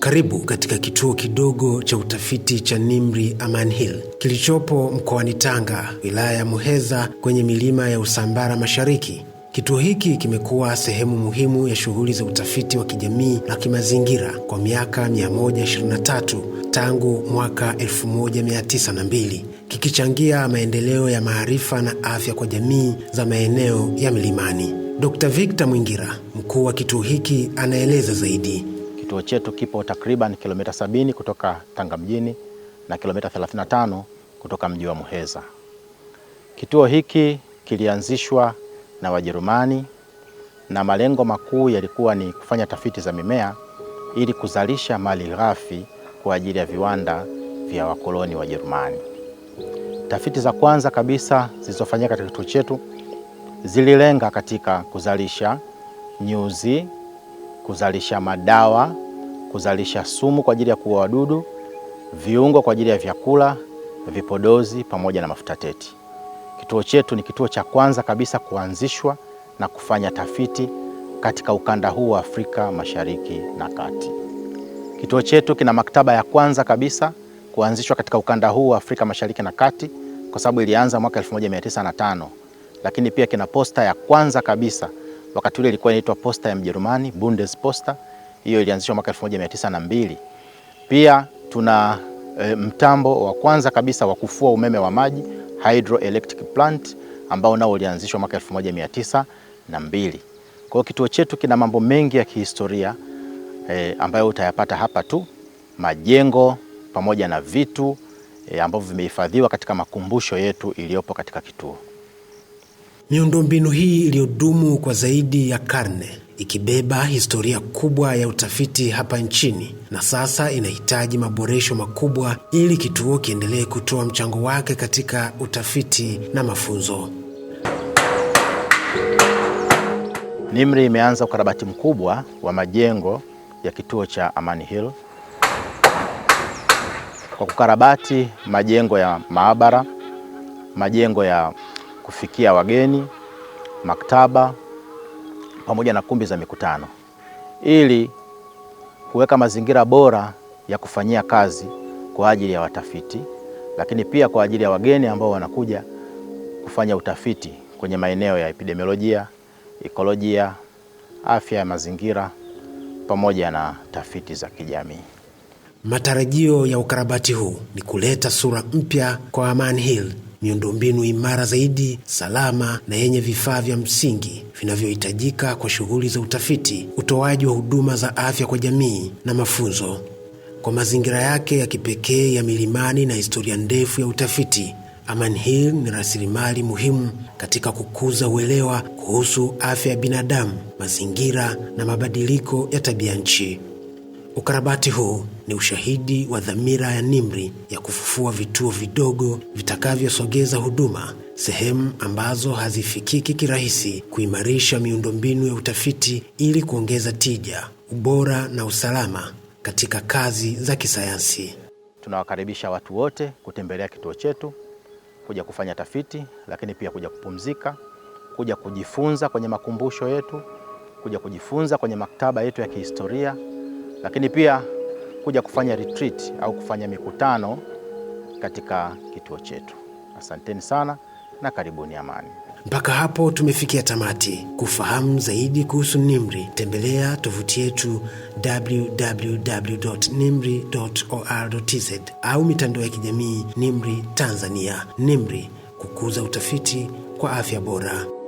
Karibu katika kituo kidogo cha utafiti cha Nimri Aman Hill kilichopo mkoani Tanga, wilaya ya Muheza, kwenye milima ya Usambara Mashariki. Kituo hiki kimekuwa sehemu muhimu ya shughuli za utafiti wa kijamii na kimazingira kwa miaka 123 tangu mwaka 1902 kikichangia maendeleo ya maarifa na afya kwa jamii za maeneo ya milimani. Dr. Victor Mwingira, mkuu wa kituo hiki, anaeleza zaidi. Kituo chetu kipo takriban kilomita 70 kutoka Tanga mjini na kilomita 35 kutoka mji wa Muheza. Kituo hiki kilianzishwa na Wajerumani, na malengo makuu yalikuwa ni kufanya tafiti za mimea ili kuzalisha mali ghafi kwa ajili ya viwanda vya wakoloni Wajerumani. Tafiti za kwanza kabisa zilizofanyika katika kituo chetu zililenga katika kuzalisha nyuzi, kuzalisha madawa, kuzalisha sumu kwa ajili ya kuua wadudu, viungo kwa ajili ya vyakula, vipodozi pamoja na mafuta tete. Kituo chetu ni kituo cha kwanza kabisa kuanzishwa na kufanya tafiti katika ukanda huu wa Afrika Mashariki na Kati. Kituo chetu kina maktaba ya kwanza kabisa kuanzishwa katika ukanda huu wa Afrika Mashariki na Kati kwa sababu ilianza mwaka 1905, lakini pia kina posta ya kwanza kabisa, wakati ule ilikuwa inaitwa posta ya Mjerumani, Bundesposta. Hiyo ilianzishwa mwaka 1902. Pia tuna e, mtambo wa kwanza kabisa wa kufua umeme wa maji Hydroelectric Plant ambao nao ulianzishwa mwaka 1902. Kwa hiyo kituo chetu kina mambo mengi ya kihistoria e, ambayo utayapata hapa tu, majengo pamoja na vitu e, ambavyo vimehifadhiwa katika makumbusho yetu iliyopo katika kituo. Miundombinu hii iliyodumu kwa zaidi ya karne ikibeba historia kubwa ya utafiti hapa nchini na sasa inahitaji maboresho makubwa ili kituo kiendelee kutoa mchango wake katika utafiti na mafunzo. NIMR imeanza ukarabati mkubwa wa majengo ya kituo cha Amani Hill kwa kukarabati majengo ya maabara, majengo ya kufikia wageni, maktaba pamoja na kumbi za mikutano ili kuweka mazingira bora ya kufanyia kazi kwa ajili ya watafiti, lakini pia kwa ajili ya wageni ambao wanakuja kufanya utafiti kwenye maeneo ya epidemiolojia, ekolojia, afya ya mazingira pamoja na tafiti za kijamii. Matarajio ya ukarabati huu ni kuleta sura mpya kwa Amani Hill miundombinu imara zaidi, salama na yenye vifaa vya msingi vinavyohitajika kwa shughuli za utafiti, utoaji wa huduma za afya kwa jamii na mafunzo. Kwa mazingira yake ya kipekee ya milimani na historia ndefu ya utafiti, Aman Hill ni rasilimali muhimu katika kukuza uelewa kuhusu afya ya binadamu, mazingira na mabadiliko ya tabia nchi. Ukarabati huu ni ushahidi wa dhamira ya Nimri ya kufufua vituo vidogo vitakavyosogeza huduma sehemu ambazo hazifikiki kirahisi, kuimarisha miundombinu ya utafiti ili kuongeza tija, ubora na usalama katika kazi za kisayansi. Tunawakaribisha watu wote kutembelea kituo chetu, kuja kufanya tafiti, lakini pia kuja kupumzika, kuja kujifunza kwenye makumbusho yetu, kuja kujifunza kwenye maktaba yetu ya kihistoria lakini pia kuja kufanya retreat au kufanya mikutano katika kituo chetu. Asanteni sana na karibuni Amani. Mpaka hapo tumefikia tamati. Kufahamu zaidi kuhusu NIMR, tembelea tovuti yetu www.nimr.or.tz au mitandao ya kijamii NIMR Tanzania. NIMR, kukuza utafiti kwa afya bora.